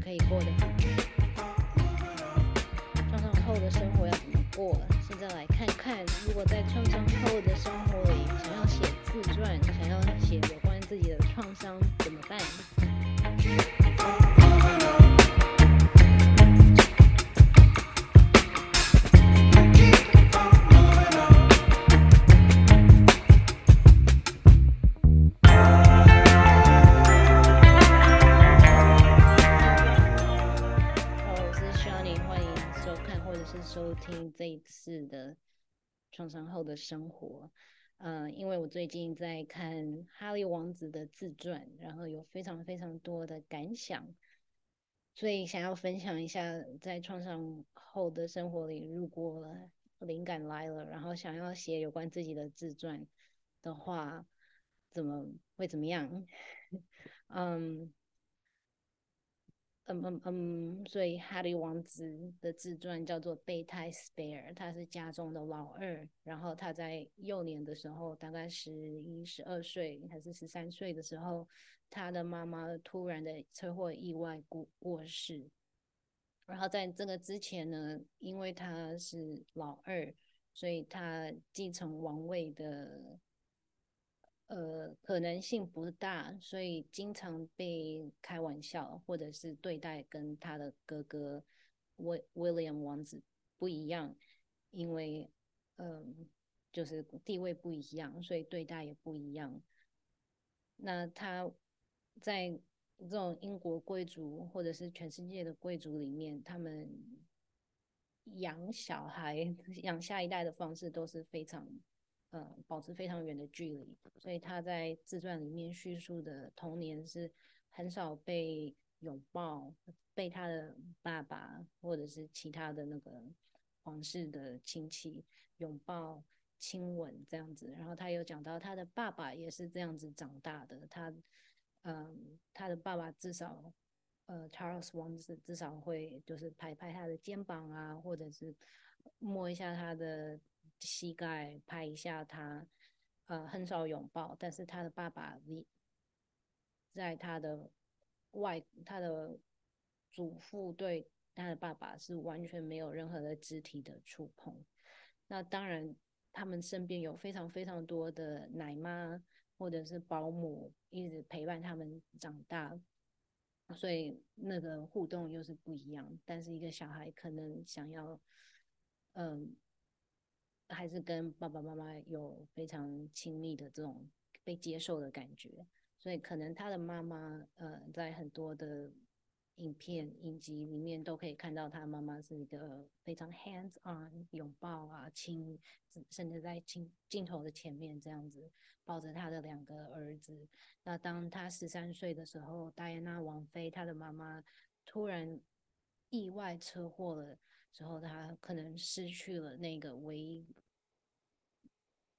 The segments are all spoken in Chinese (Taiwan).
可以過的。最近在看《哈利王子》的自傳，然後有非常非常多的感想，所以想要分享一下在創傷後的生活裡，如果靈感來了，然後想要寫有關自己的自傳的話，怎麼會怎麼樣？嗯、 um。嗯嗯嗯，um, um, um, 所以哈利王子的自傳叫做《備胎 Spare》，他是家中的老二。然後他在幼年的時候，大概十一、十二歲還是十三歲的時候，他的媽媽突然的車禍意外過過世。然後在這個之前呢，因為他是老二，所以他繼承王位的。呃，可能性不大，所以經常被開玩笑，或者是對待跟他的哥哥，威威廉王子不一樣，因為嗯、呃，就是地位不一樣，所以對待也不一樣。那他在這種英國貴族，或者是全世界的貴族裡面，他們養小孩、養下一代的方式都是非常。呃，保持非常遠的距離，所以他在自傳裡面敘述的童年是很少被擁抱，被他的爸爸或者是其他的那個皇室的親戚擁抱、親吻這樣子。然後他又講到他的爸爸也是這樣子長大的，他，嗯、呃，他的爸爸至少，呃，Charles 王子至少會就是拍拍他的肩膀啊，或者是摸一下他的。膝蓋拍一下他，呃，很少擁抱，但是他的爸爸，在他的外，他的祖父對他的爸爸是完全沒有任何的肢體的觸碰。那當然，他們身邊有非常非常多的奶媽或者是保姆一直陪伴他們長大，所以那個互動又是不一樣。但是一個小孩可能想要，嗯、呃。還是跟爸爸媽媽有非常親密的這種被接受的感覺，所以可能他的媽媽，呃，在很多的影片影集裡面都可以看到，他媽媽是一個非常 hands on，擁抱啊，親，甚至在親鏡頭的前面這樣子抱着他的兩個兒子。那當他十三歲的時候，戴安娜王妃她的媽媽突然意外車禍了。之後，他可能失去了那個唯一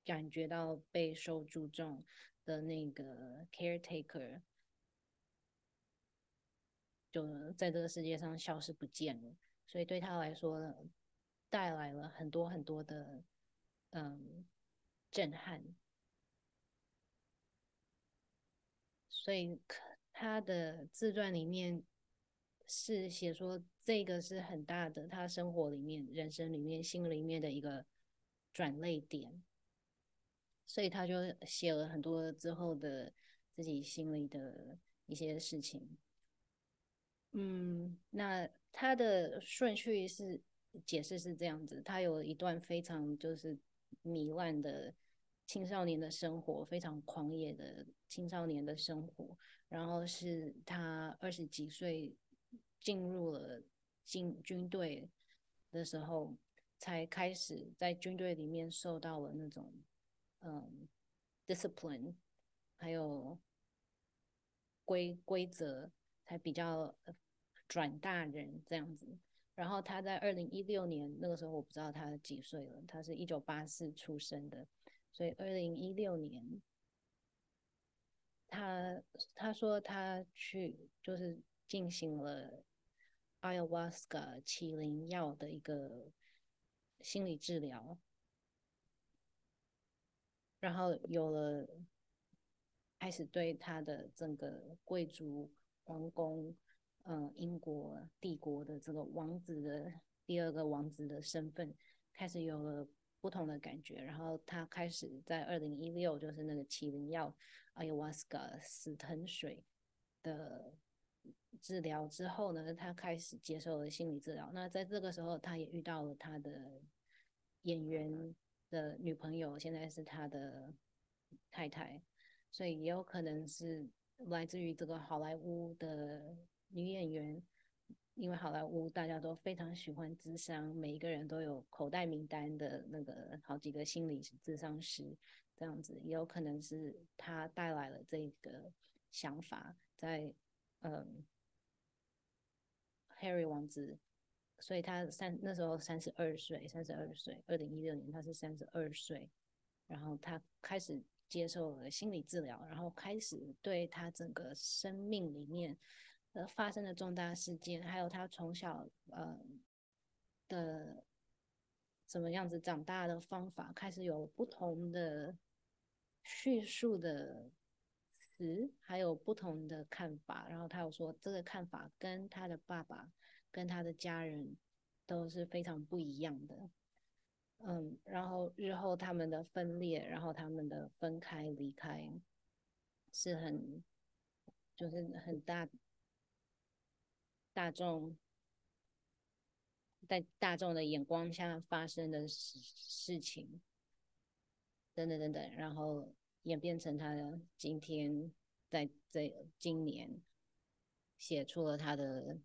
感覺到備受注重的那個 caretaker，就在這個世界上消失不見了。所以對他來說，帶來了很多很多的嗯震撼。所以他的自傳裡面是寫說。這個是很大的，他生活裡面、人生裡面、心裡面的一個轉捩點，所以他就寫了很多之後的自己心裡的一些事情。嗯，那他的順序是解釋是這樣子：他有一段非常就是糜爛的青少年的生活，非常狂野的青少年的生活，然後是他二十幾歲進入了。進軍隊的時候，才開始在軍隊裡面受到了那種嗯 discipline，還有規規則，才比較轉大人這樣子。然後他在二零一六年那個時候，我不知道他幾歲了，他是一九八四出生的，所以二零一六年他他說他去就是進行了。Ayahuasca 麒麟藥的一個心理治療，然後有了開始對他的整個貴族皇宮，嗯、呃，英國帝國的這個王子的第二個王子的身份，開始有了不同的感覺。然後他開始在二零一六，就是那個麒麟藥，Ayahuasca 死藤水的。治療之後呢，他開始接受了心理治療。那在這個時候，他也遇到了他的演員的女朋友，現在是他的太太，所以也有可能是來自於這個好萊塢的女演員，因為好萊塢大家都非常喜歡諮商，每一個人都有口袋名單的那個好幾個心理諮商師，這樣子也有可能是他帶來了這個想法在。嗯，Harry 王子，所以他三那時候三十二歲，三十二歲，二零一六年他是三十二歲，然後他開始接受了心理治療，然後開始對他整個生命裡面呃發生的重大事件，還有他從小呃的什麼樣子長大的方法，開始有不同的敘述的。還有不同的看法，然後他又說這個看法跟他的爸爸，跟他的家人都是非常不一樣的。嗯，然後日後他們的分裂，然後他們的分開、離開，是很，就是很大，大眾，在大眾的眼光下發生的事事情，等等等等，然後。演變成他今天在這今年寫出了他的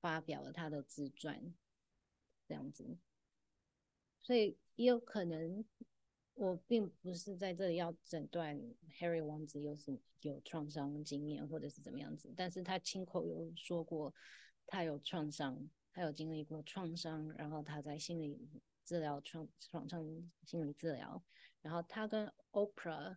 發表了他的自傳這樣子，所以也有可能，我並不是在這裡要診斷 Harry 王子有什麼有創傷經驗或者是怎麼樣子，但是他親口有說過他有創傷，他有經歷過創傷，然後他在心理治療創創傷心理治療，然後他跟 Oprah。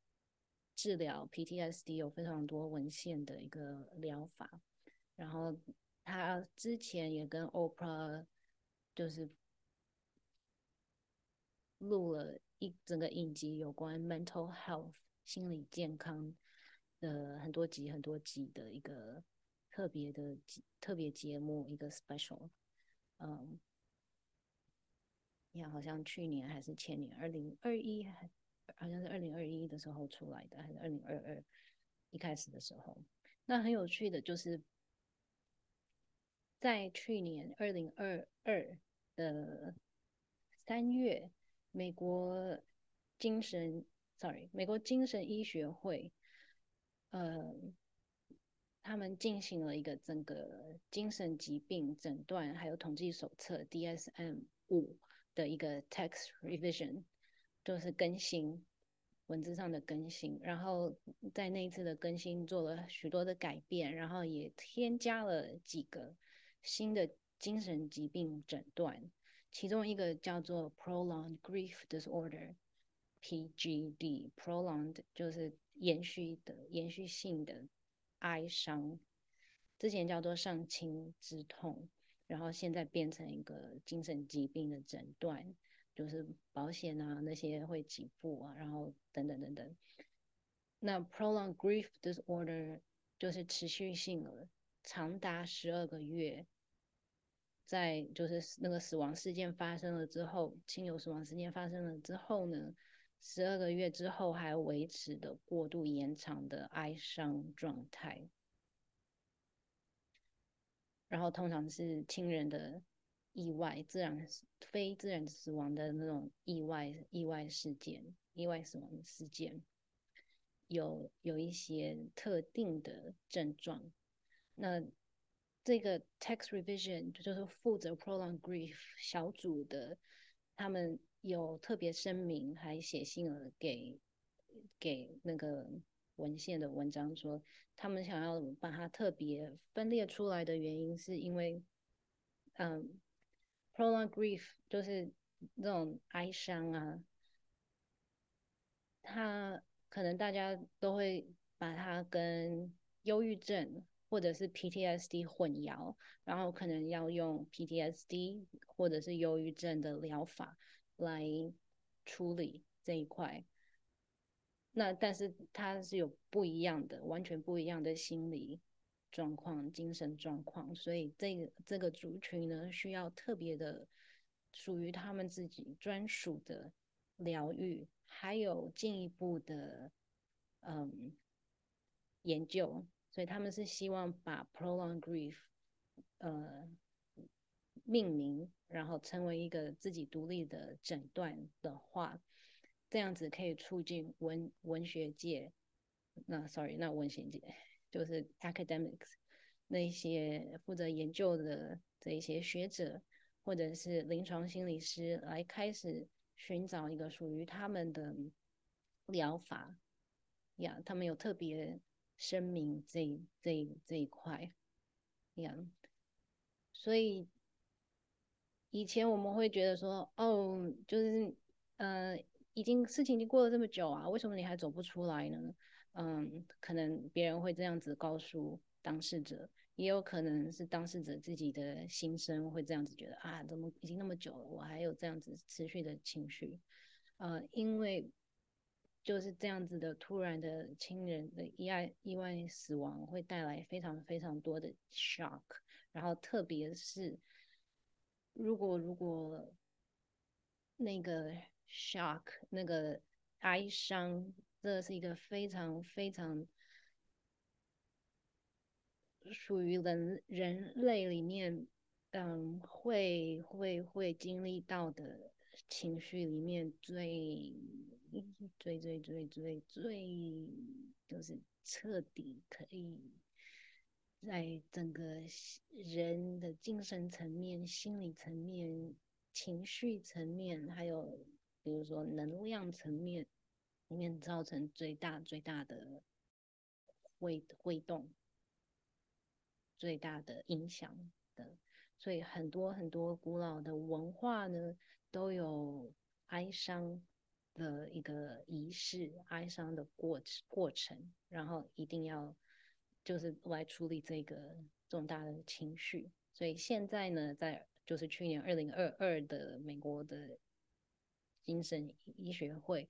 治療 PTSD 有非常多文獻的一個療法，然後他之前也跟 Oprah 就是錄了一整個影集，有關 mental health 心理健康的很多集很多集的一個特別的集、特別節目一個 special，嗯，你看好像去年還是前年二零二一還，好像是二零二一的時候出來的，還是二零二二一開始的時候？那很有趣的就是，在去年二零二二的三月，美國精神 （sorry，美國精神醫學會）呃，他們進行了一個整個精神疾病診斷還有統計手冊 （DSM 五） DS 的一個 text revision，就是更新。文字上的更新，然後在那一次的更新做了許多的改變，然後也添加了幾個新的精神疾病診斷，其中一個叫做 Prolonged grief disorder, D, Prolonged Grief Disorder（PGD），Prolonged 就是延續的、延續性的哀傷，之前叫做喪親之痛，然後現在變成一個精神疾病的診斷。就是保險啊，那些會給付啊，然後等等等等。那 prolonged grief disorder 就是持續性的，長達十二個月，在就是那個死亡事件發生了之後，親友死亡事件發生了之後呢，十二個月之後還維持的過度延長的哀傷狀態，然後通常是親人的。意外、自然、非自然死亡的那種意外、意外事件、意外死亡事件，有有一些特定的症狀。那這個 text revision 就是負責 prolonged grief 小組的，他們有特別聲明，還寫信了給給那個文獻的文章說，說他們想要把它特別分裂出來的原因，是因為，嗯。Prolonged grief 就是這種哀傷啊，它可能大家都會把它跟憂鬱症或者是 PTSD 混淆，然後可能要用 PTSD 或者是憂鬱症的療法來處理這一塊。那但是它是有不一樣的，完全不一樣的心理。狀況、精神狀況，所以這個這個族群呢，需要特別的屬於他們自己專屬的療癒，還有進一步的嗯研究。所以他們是希望把 prolong grief 呃命名，然後成為一個自己獨立的診斷的話，這樣子可以促進文文學界。那 sorry，那文獻界。就是 academics 那些負責研究的這一些學者，或者是臨床心理師來開始尋找一個屬於他們的療法，呀、yeah,，他們有特別聲明這這這一塊樣，yeah, 所以以前我們會覺得說，哦，就是嗯、呃、已經事情已經過了這麼久啊，為什麼你還走不出來呢？嗯，可能別人會這樣子告訴當事者，也有可能是當事者自己的心聲會這樣子覺得啊，怎麼已經那麼久了，我還有這樣子持續的情緒，呃、嗯，因為就是這樣子的突然的親人的意外意外死亡會帶來非常非常多的 shock，然後特別是如果如果那個 shock 那個哀傷。這是一個非常非常屬於人人類裡面，嗯，會會會經歷到的情緒裡面最最最最最最，就是徹底可以，在整個人的精神層面、心理層面、情緒層面，還有比如說能量層面。裡面造成最大最大的會會動最大的影響的，所以很多很多古老的文化呢，都有哀傷的一個儀式，哀傷的過過程，然後一定要就是來處理這個重大的情緒。所以現在呢，在就是去年二零二二的美國的精神醫學會。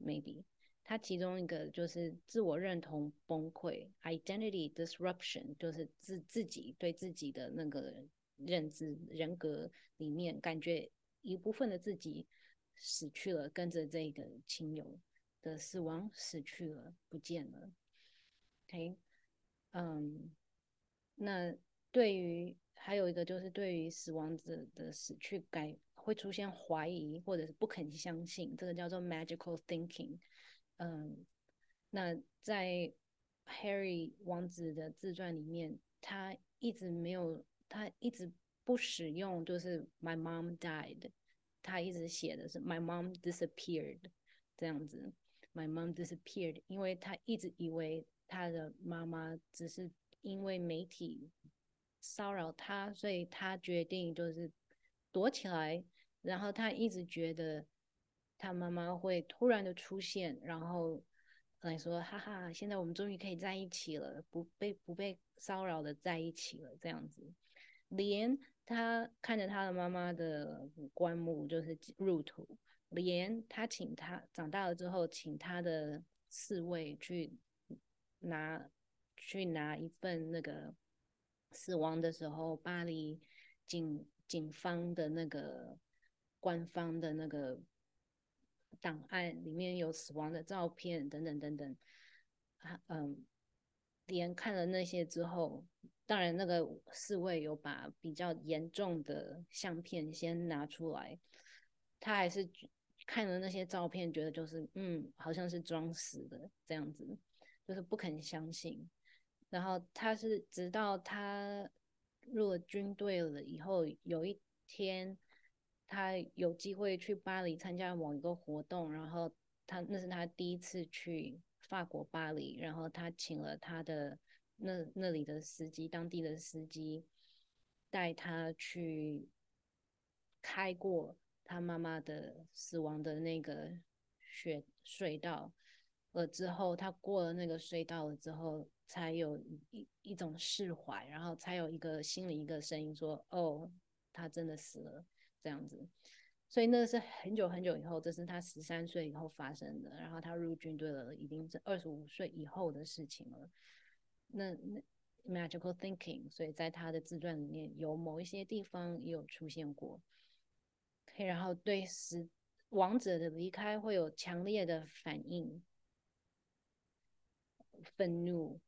maybe，他其中一個就是自我認同崩潰，identity disruption，就是自自己對自己的那個認知、人格裡面，感覺一部分的自己死去了，跟着這個親友的死亡死去了，不見了。OK，嗯、um，那對於還有一個就是對於死亡者的死去該。會出現懷疑或者是不肯相信，這個叫做 magical thinking。嗯，那在 Harry 王子的自傳裡面，他一直沒有，他一直不使用，就是 my mom died。他一直寫的是 my mom disappeared 這樣子。My mom disappeared，因為他一直以為他的媽媽只是因為媒體騷擾他，所以他決定就是。躲起來，然後他一直覺得他媽媽會突然的出現，然後來說：“哈哈，現在我們終於可以在一起了，不被不被騷擾的在一起了。”這樣子，連他看着他的媽媽的棺木就是入土，連他請他長大了之後請他的侍衛去拿去拿一份那個死亡的時候巴黎警。警方的那個官方的那個檔案裡面有死亡的照片等等等等，啊，嗯，連看了那些之後，當然那個侍衛有把比較嚴重的相片先拿出來，他還是看了那些照片，覺得就是嗯，好像是裝死的這樣子，就是不肯相信，然後他是直到他。入了軍隊了以後，有一天他有機會去巴黎參加某一個活動，然後他那是他第一次去法國巴黎，然後他請了他的那那裡的司機，當地的司機帶他去開過他媽媽的死亡的那個雪隧道，了之後他過了那個隧道了之後。才有一一種釋懷，然後才有一個心裡一個聲音說：“哦，他真的死了。”這樣子，所以那是很久很久以後，這是他十三歲以後發生的。然後他入軍隊了，已經是二十五歲以後的事情了。那那 magical thinking，所以在他的自傳裡面有某一些地方也有出現過。然後對死亡者的離開會有強烈的反應，憤怒。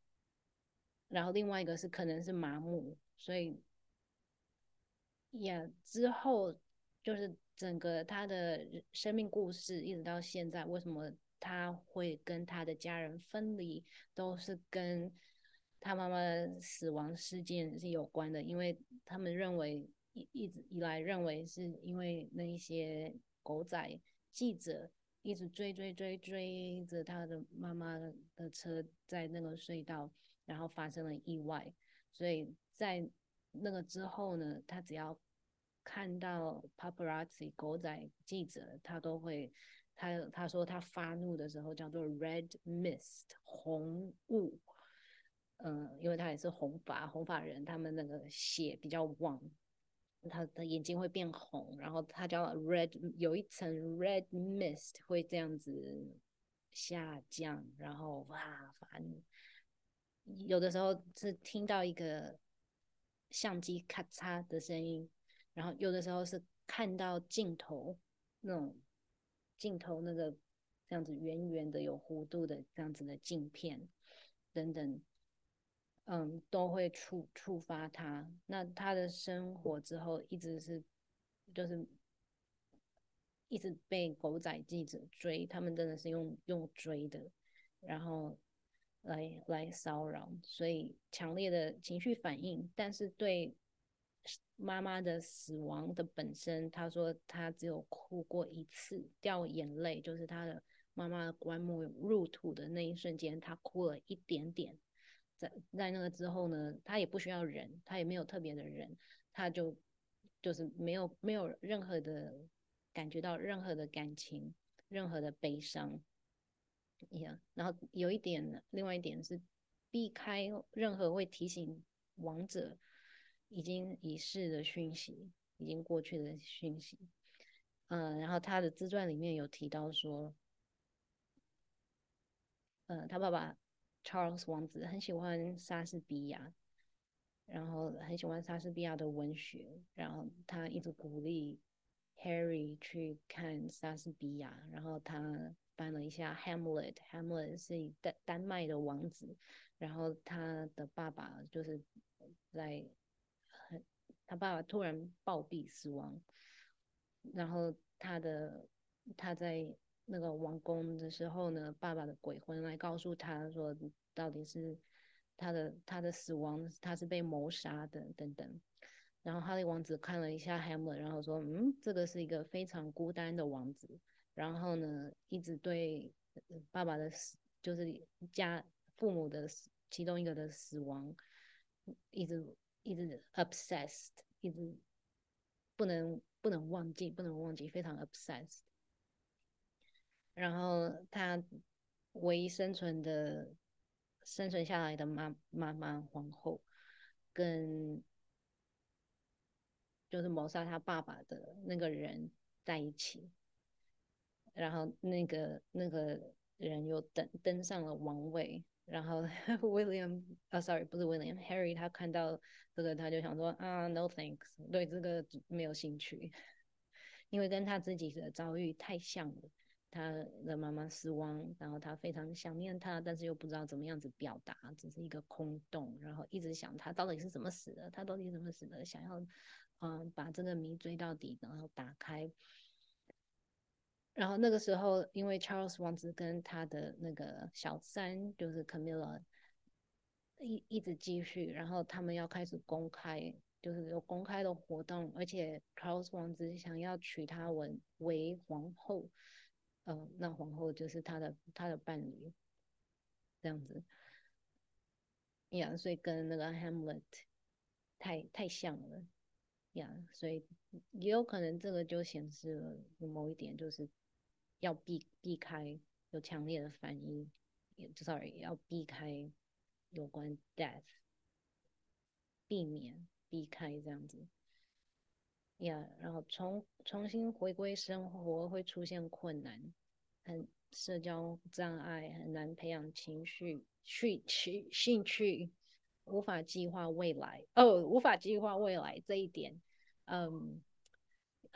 然後，另外一個是可能是麻木，所以也、yeah, 之後就是整個他的生命故事一直到現在，為什麼他會跟他的家人分離，都是跟他媽媽的死亡事件是有關的，因為他們認為一一直以來認為是因為那一些狗仔記者一直追,追追追追着他的媽媽的車在那個隧道。然後發生了意外，所以在那個之後呢，他只要看到 paparazzi 狗仔記者，他都會他他說他發怒的時候叫做 red mist 紅霧，嗯、呃，因為他也是紅髮紅髮人，他們那個血比較旺，他的眼睛會變紅，然後他叫 red 有一層 red mist 會這樣子下降，然後哇煩，發怒。有的時候是聽到一個相機咔嚓的聲音，然後有的時候是看到鏡頭，那種鏡頭那個這樣子圓圓的、有弧度的這樣子的鏡片等等，嗯，都會觸觸發他。那他的生活之後一直是就是一直被狗仔記者追，他們真的是用用追的，然後。來來騷擾，所以強烈的情緒反應。但是對媽媽的死亡的本身，他說他只有哭過一次，掉眼淚就是他的媽媽的棺木入土的那一瞬間，他哭了一點點。在在那個之後呢，他也不需要忍，他也沒有特別的忍，他就就是沒有沒有任何的感覺到任何的感情，任何的悲傷。一樣，yeah, 然後有一點，另外一點是避開任何會提醒亡者已經已逝的訊息，已經過去的訊息。嗯，然後他的自傳裡面有提到說，嗯，他爸爸 Charles 王子很喜歡莎士比亞，然後很喜歡莎士比亞的文學，然後他一直鼓勵 Harry 去看莎士比亞，然後他。翻了一下《Hamlet》，Hamlet 是丹丹麥的王子，然後他的爸爸就是在他爸爸突然暴斃死亡，然後他的他在那個王宮的時候呢，爸爸的鬼魂來告訴他說，到底是他的他的死亡他是被謀殺的等等。然後哈利王子看了一下 Hamlet，然後說，嗯，這個是一個非常孤單的王子。然後呢，一直對爸爸的死，就是家父母的死，其中一個的死亡，一直一直 obsessed，一直不能不能忘記，不能忘記，非常 obsessed。然後他唯一生存的、生存下來的媽媽媽皇後，跟就是謀殺他爸爸的那個人在一起。然後那個那個人又登登上了王位，然後 William 啊、oh,，sorry 不是 William，Harry 他看到這個他就想說啊、uh,，No thanks，對這個沒有興趣， 因為跟他自己的遭遇太像了。他的媽媽死亡，然後他非常想念他，但是又不知道怎麼樣子表達，只是一個空洞，然後一直想他到底是怎麼死的，他到底是怎麼死的，想要嗯把這個謎追到底，然後打開。然後那個時候，因為 Charles 王子跟他的那個小三就是 Camilla 一一直繼續，然後他們要開始公開，就是有公開的活動，而且 Charles 王子想要娶他為為皇後，呃，那皇後就是他的他的伴侶，這樣子，呀、yeah,，所以跟那個 Hamlet 太太像了，呀、yeah,，所以也有可能這個就顯示了某一點就是。要避避開有強烈的反應也，sorry，要避開有關 death，避免避開這樣子，呀、yeah，然後重重新回歸生活會出現困難，很社交障礙，很難培養情緒、趣趣興趣，無法計劃未來哦，oh, 無法計劃未來這一點，嗯、um，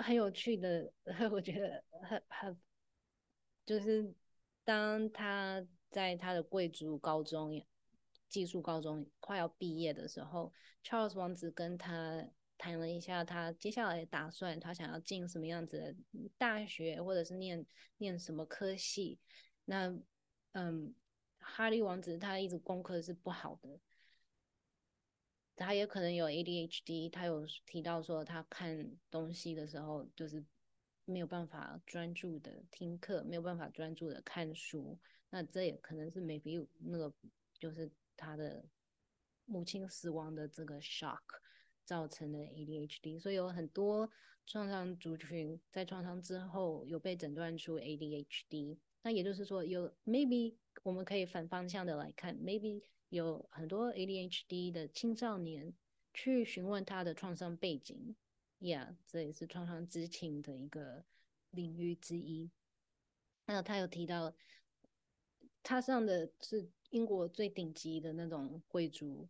很有趣的， 我覺得很很。就是當他在他的貴族高中、寄宿高中快要畢業的時候，Charles 王子跟他談了一下他接下來的打算，他想要進什麼樣子的大學，或者是念念什麼科系。那，嗯，哈利王子他一直功課是不好的，他也可能有 ADHD，他有提到說他看東西的時候就是。沒有辦法專注的聽課，沒有辦法專注的看書，那這也可能是 maybe 那個就是他的母親死亡的這個 shock 造成的 ADHD，所以有很多創傷族群在創傷之後有被診斷出 ADHD，那也就是說有，maybe 我們可以反方向的來看，maybe 有很多 ADHD 的青少年去詢問他的創傷背景。Yeah，這也是創傷知情的一個領域之一。那他有提到，他上的是英國最頂級的那種貴族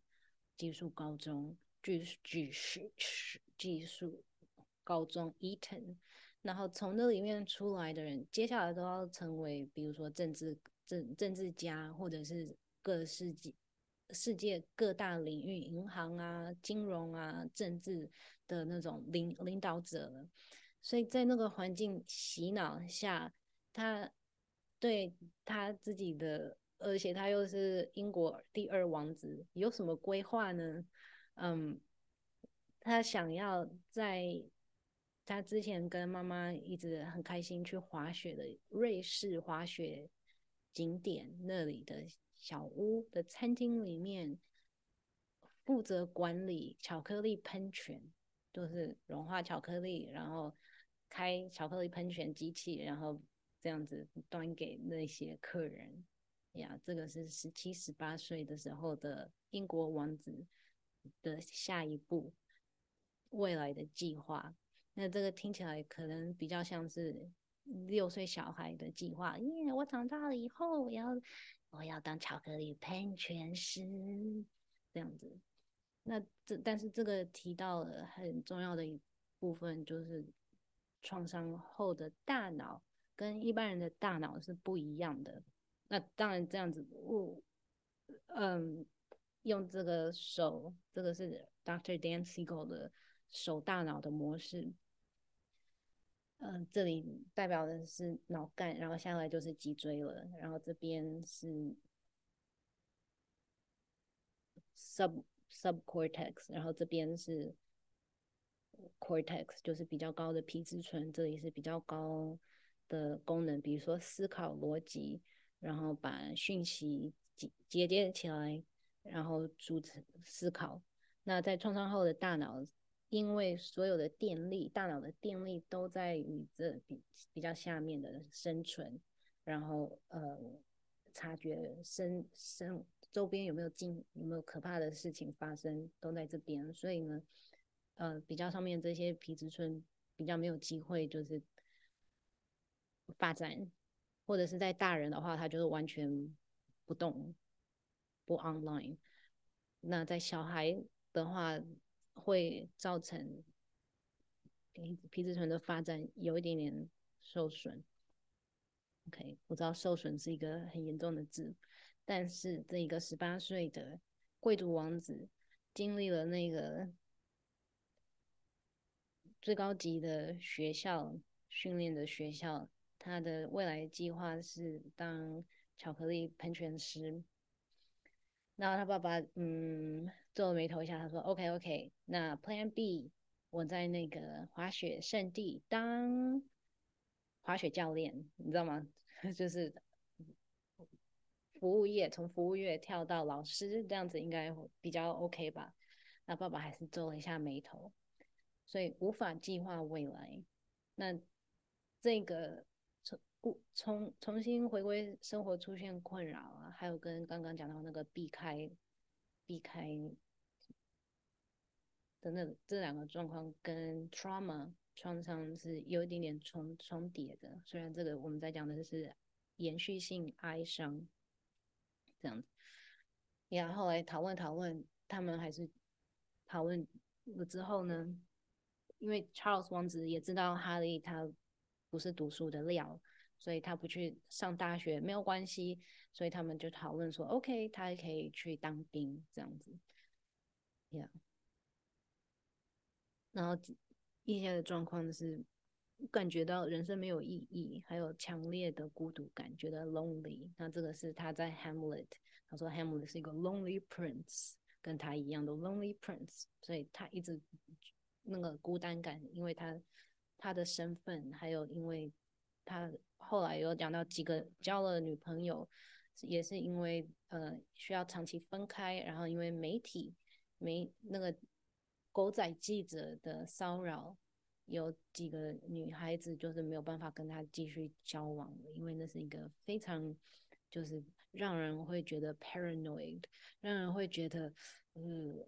寄宿高中，寄寄宿寄宿高中 Eton。然後從那裡面出來的人，接下來都要成為，比如說政治政政治家，或者是各世紀。世界各大領域，銀行啊、金融啊、政治的那種領領導者，所以在那個環境洗腦下，他對他自己的，而且他又是英國第二王子，有什麼規劃呢？嗯，他想要在他之前跟媽媽一直很開心去滑雪的瑞士滑雪景點那裡的。小屋的餐廳裡面，負責管理巧克力噴泉，就是融化巧克力，然後開巧克力噴泉機器，然後這樣子端給那些客人。呀，這個是十七十八歲的時候的英國王子的下一步未來的計劃。那這個聽起來可能比較像是六歲小孩的計劃。因為我長大了以後我要。我要當巧克力噴泉師這樣子，那這但是這個提到了很重要的一部分，就是創傷後的大腦跟一般人的大腦是不一樣的。那當然這樣子，我、哦、嗯用這個手，這個是 Dr. Dan Siegel 的手大腦的模式。嗯、呃，這裡代表的是腦幹，然後下來就是脊椎了，然後這邊是 sub sub cortex，然後這邊是 cortex，就是比較高的皮質醇，這裡是比較高的功能，比如說思考邏輯，然後把訊息結結結起來，然後組成思考。那在創傷後的大腦。因為所有的電力，大腦的電力都在你這比比較下面的生存，然後呃察覺身身，周邊有沒有驚有沒有可怕的事情發生都在這邊，所以呢呃比較上面這些皮質醇比較沒有機會就是發展，或者是在大人的話他就是完全不動不 online，那在小孩的話。會造成皮皮質醇的發展有一點點受損。OK，我知道“受損”是一個很嚴重的字，但是這一個十八歲的貴族王子，經歷了那個最高級的學校訓練的學校，他的未來計劃是當巧克力噴泉師。然後他爸爸嗯，皺了眉頭一下，他說：“OK OK，那 Plan B，我在那個滑雪勝地當滑雪教練，你知道嗎？就是服務業，從服務業跳到老師這樣子應該比較 OK 吧？”那爸爸還是皺了一下眉頭，所以無法計劃未來。那這個。重重新回歸生活出現困擾啊，還有跟剛剛講到那個避開避開等等，那個，這兩個狀況跟 trauma 創傷是有一點點重重疊的。雖然這個我們在講的是延續性哀傷這樣子，然後來討論討論他們還是討論了之後呢，因為 Charles 王子也知道哈利他不是讀書的料。所以他不去上大學沒有關係，所以他們就討論說 ，OK，他也可以去當兵這樣子，Yeah。然後現在的狀況是感覺到人生沒有意義，還有強烈的孤獨感，覺得 lonely。那這個是他在 Hamlet，他說 Hamlet 是一個 lonely prince，跟他一樣的 lonely prince，所以他一直那個孤單感，因為他他的身份，還有因為他。後來有講到幾個交了女朋友，也是因為呃需要長期分開，然後因為媒體、沒，那個狗仔記者的騷擾，有幾個女孩子就是沒有辦法跟他繼續交往，因為那是一個非常，就是讓人會覺得 paranoid，讓人會覺得，嗯，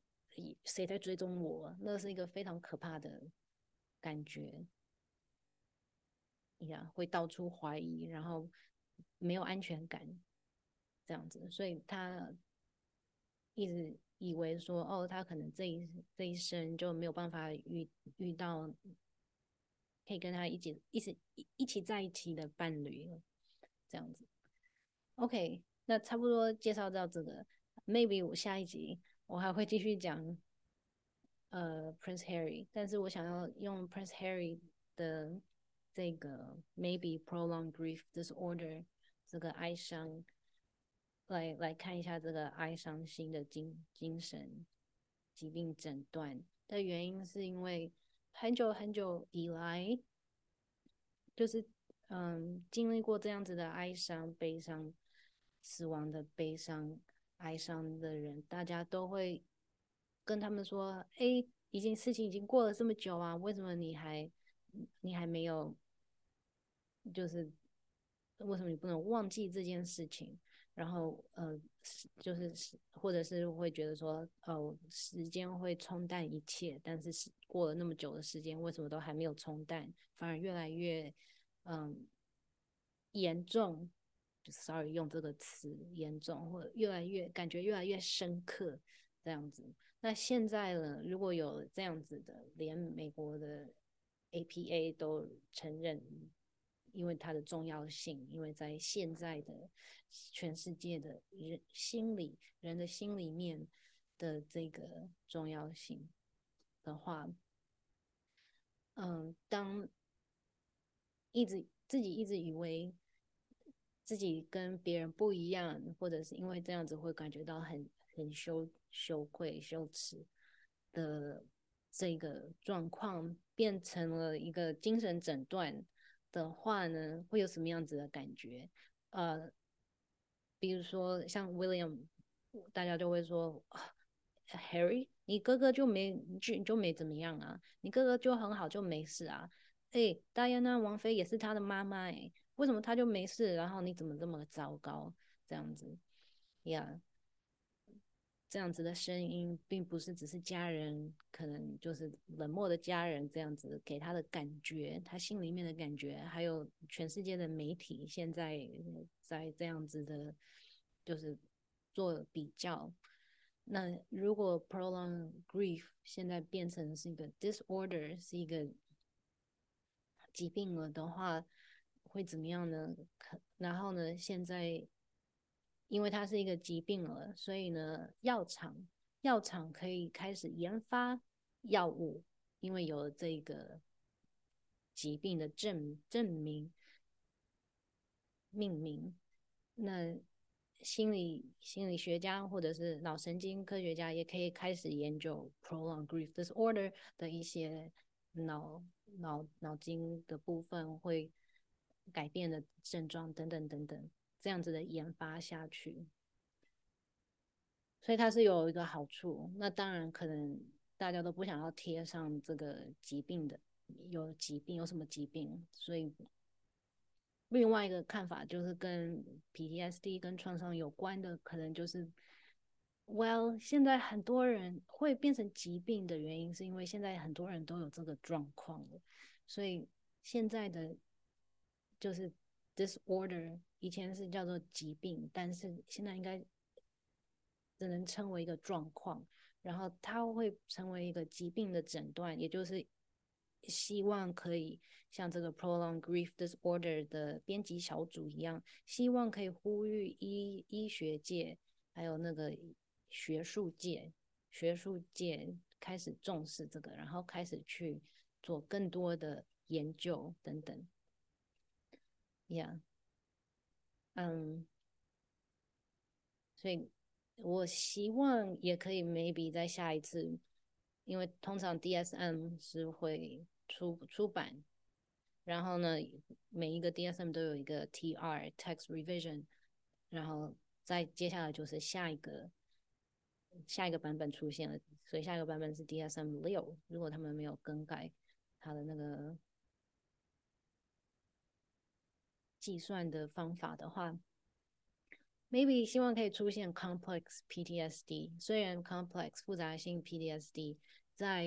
誰在追蹤我，那是一個非常可怕的感覺。一樣會到處懷疑，然後沒有安全感，這樣子，所以他一直以為說，哦，他可能這一這一生就沒有辦法遇遇到可以跟他一起一起一一起在一起的伴侶，這樣子。OK，那差不多介紹到這個，Maybe 我下一集我還會繼續講，呃，Prince Harry，但是我想要用 Prince Harry 的。這個 maybe prolonged grief disorder，這個哀傷，來來看一下這個哀傷心的精精神疾病診斷的原因，是因為很久很久以來，就是嗯，經歷過這樣子的哀傷、悲傷、死亡的悲傷、哀傷的人，大家都會跟他們說：哎，一件事情已經過了這麼久啊，為什麼你還？你還沒有，就是為什麼你不能忘記這件事情？然後，呃，就是或者是會覺得說，哦，時間會沖淡一切，但是是過了那麼久的時間，為什麼都還沒有沖淡，反而越來越，嗯，嚴重就，sorry，用這個詞嚴重，或越來越感覺越來越深刻這樣子。那現在呢？如果有這樣子的，連美國的。APA 都承認，因為它的重要性，因為在現在的全世界的人心裡，人的心裡面的這個重要性的話，嗯，當一直自己一直以為自己跟別人不一樣，或者是因為這樣子會感覺到很很羞羞愧羞恥的這個狀況。變成了一個精神診斷的話呢，會有什麼樣子的感覺？呃、uh，比如說像 William，大家就會說，uh, Harry，你哥哥就沒就就沒怎麼樣啊，你哥哥就很好就沒事啊。誒、欸，Diana 王妃也是他的媽媽哎，為什麼他就沒事？然後你怎麼這麼糟糕？這樣子呀？Yeah. 這樣子的聲音，並不是只是家人，可能就是冷漠的家人這樣子給他的感覺，他心裡面的感覺，還有全世界的媒體現在在這樣子的，就是做比較。那如果 prolonged grief 現在變成是一個 disorder，是一個疾病了的話，會怎麼樣呢？然後呢，現在。因為它是一個疾病了，所以呢，藥廠藥廠可以開始研發藥物，因為有了這個疾病的證證明命名，那心理心理學家或者是腦神經科學家也可以開始研究 prolonged grief disorder 的一些腦腦腦筋的部分會改變的症狀等等等等。這樣子的研發下去，所以它是有一個好處。那當然，可能大家都不想要貼上這個疾病的，有疾病有什麼疾病，所以另外一個看法就是，跟 PTSD 跟創傷有關的，可能就是，Well，現在很多人會變成疾病的原因，是因為現在很多人都有這個狀況。所以現在的就是 disorder。以前是叫做疾病，但是現在應該只能稱為一個狀況。然後它會成為一個疾病的診斷，也就是希望可以像這個 Prolonged Grief Disorder 的編輯小組一樣，希望可以呼籲醫醫學界還有那個學術界、學術界開始重視這個，然後開始去做更多的研究等等。Yeah。嗯，um, 所以我希望也可以 maybe 在下一次，因為通常 DSM 是會出出版，然後呢，每一個 DSM 都有一個 TR，Text Revision，然後再接下來就是下一個下一個版本出現了，所以下一個版本是 DSM 六，如果他們沒有更改他的那個。計算的方法的話，maybe 希望可以出現 complex PTSD。雖然 complex 複雜性 PTSD 在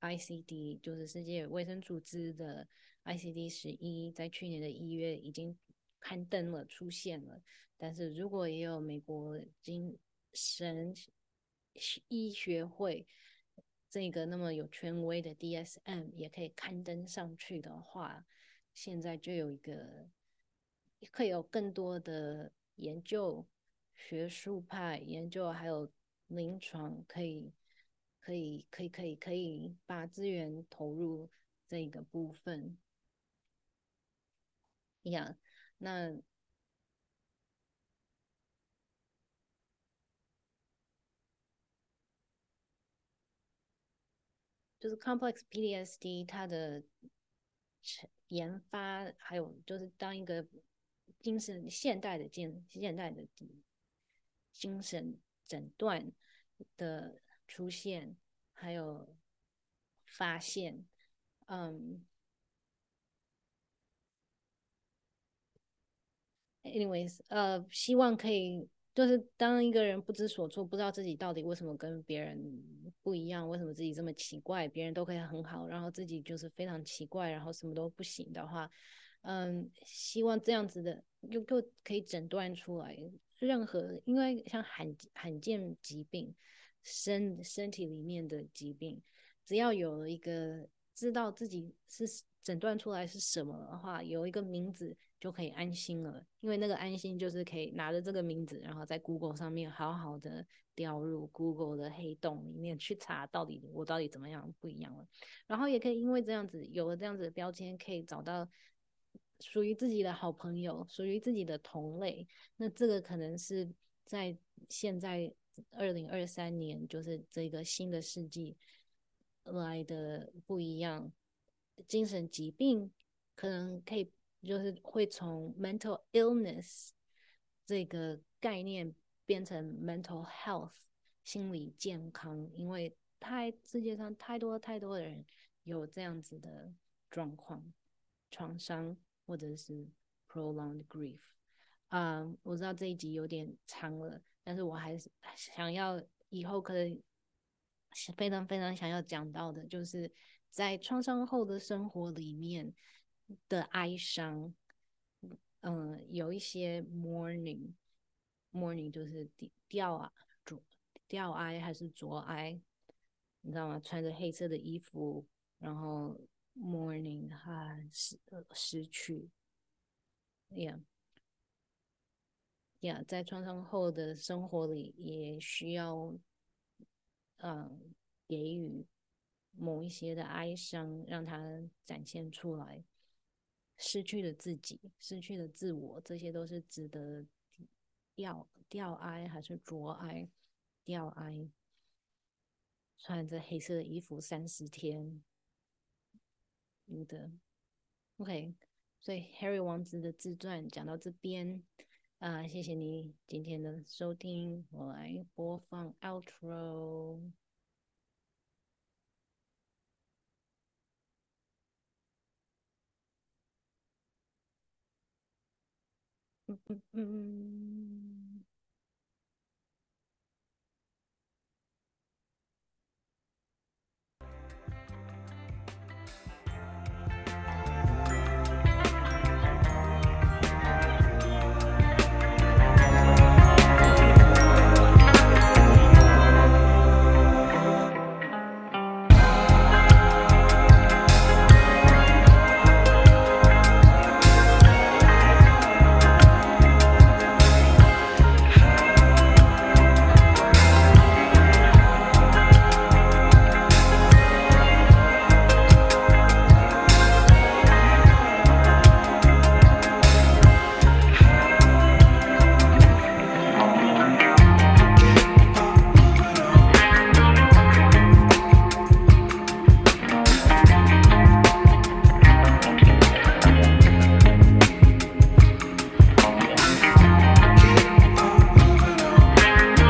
ICD 就是世界衛生組織的 ICD 十一，在去年的一月已經刊登了出現了，但是如果也有美國精神醫學會這個那麼有權威的 DSM 也可以刊登上去的話，現在就有一個。可以有更多的研究，學術派研究，還有臨床可，可以可以可以可以可以把資源投入這個部分。一樣，那就是 complex PTSD 它的研發，還有就是當一個。精神現代的精現代的，精神診斷的出現，還有發現，嗯，Anyways，呃，希望可以，就是當一個人不知所措，不知道自己到底為什麼跟別人不一樣，為什麼自己這麼奇怪，別人都可以很好，然後自己就是非常奇怪，然後什麼都不行的話。嗯，希望這樣子的就就可以診斷出來任何，因為像罕罕見疾病，身身體裡面的疾病，只要有了一個知道自己是診斷出來是什麼的話，有一個名字就可以安心了。因為那個安心就是可以拿着這個名字，然後在 Google 上面好好的掉入 Google 的黑洞裡面去查到底我到底怎麼樣不一樣了。然後也可以因為這樣子有了這樣子的標籤，可以找到。屬於自己的好朋友，屬於自己的同類。那這個可能是在現在2023年，就是這個新的世紀來的不一樣。精神疾病可能可以就是會從 mental illness 這個概念變成 mental health 心理健康，因為太世界上太多太多的人有這樣子的狀況，創傷。或者是 prolonged grief，啊、uh, 嗯，我知道這一集有點長了，但是我還是想要以後可能非常非常想要講到的，就是在創傷後的生活裡面的哀傷，嗯、呃，有一些 mourning，mourning 就是吊啊，着吊哀還是着哀，你知道嗎？穿着黑色的衣服，然後。mourning 和失、呃、失去，yeah yeah，在創傷後的生活裡，也需要，嗯，給予某一些的哀傷，讓他展現出來，失去了自己，失去了自我，這些都是值得掉掉哀還是酌哀掉哀，穿着黑色的衣服三十天。你的 OK 所以 Harry 王子的自傳講到這邊，啊、呃，謝謝你今天的收聽，我來播放 outro。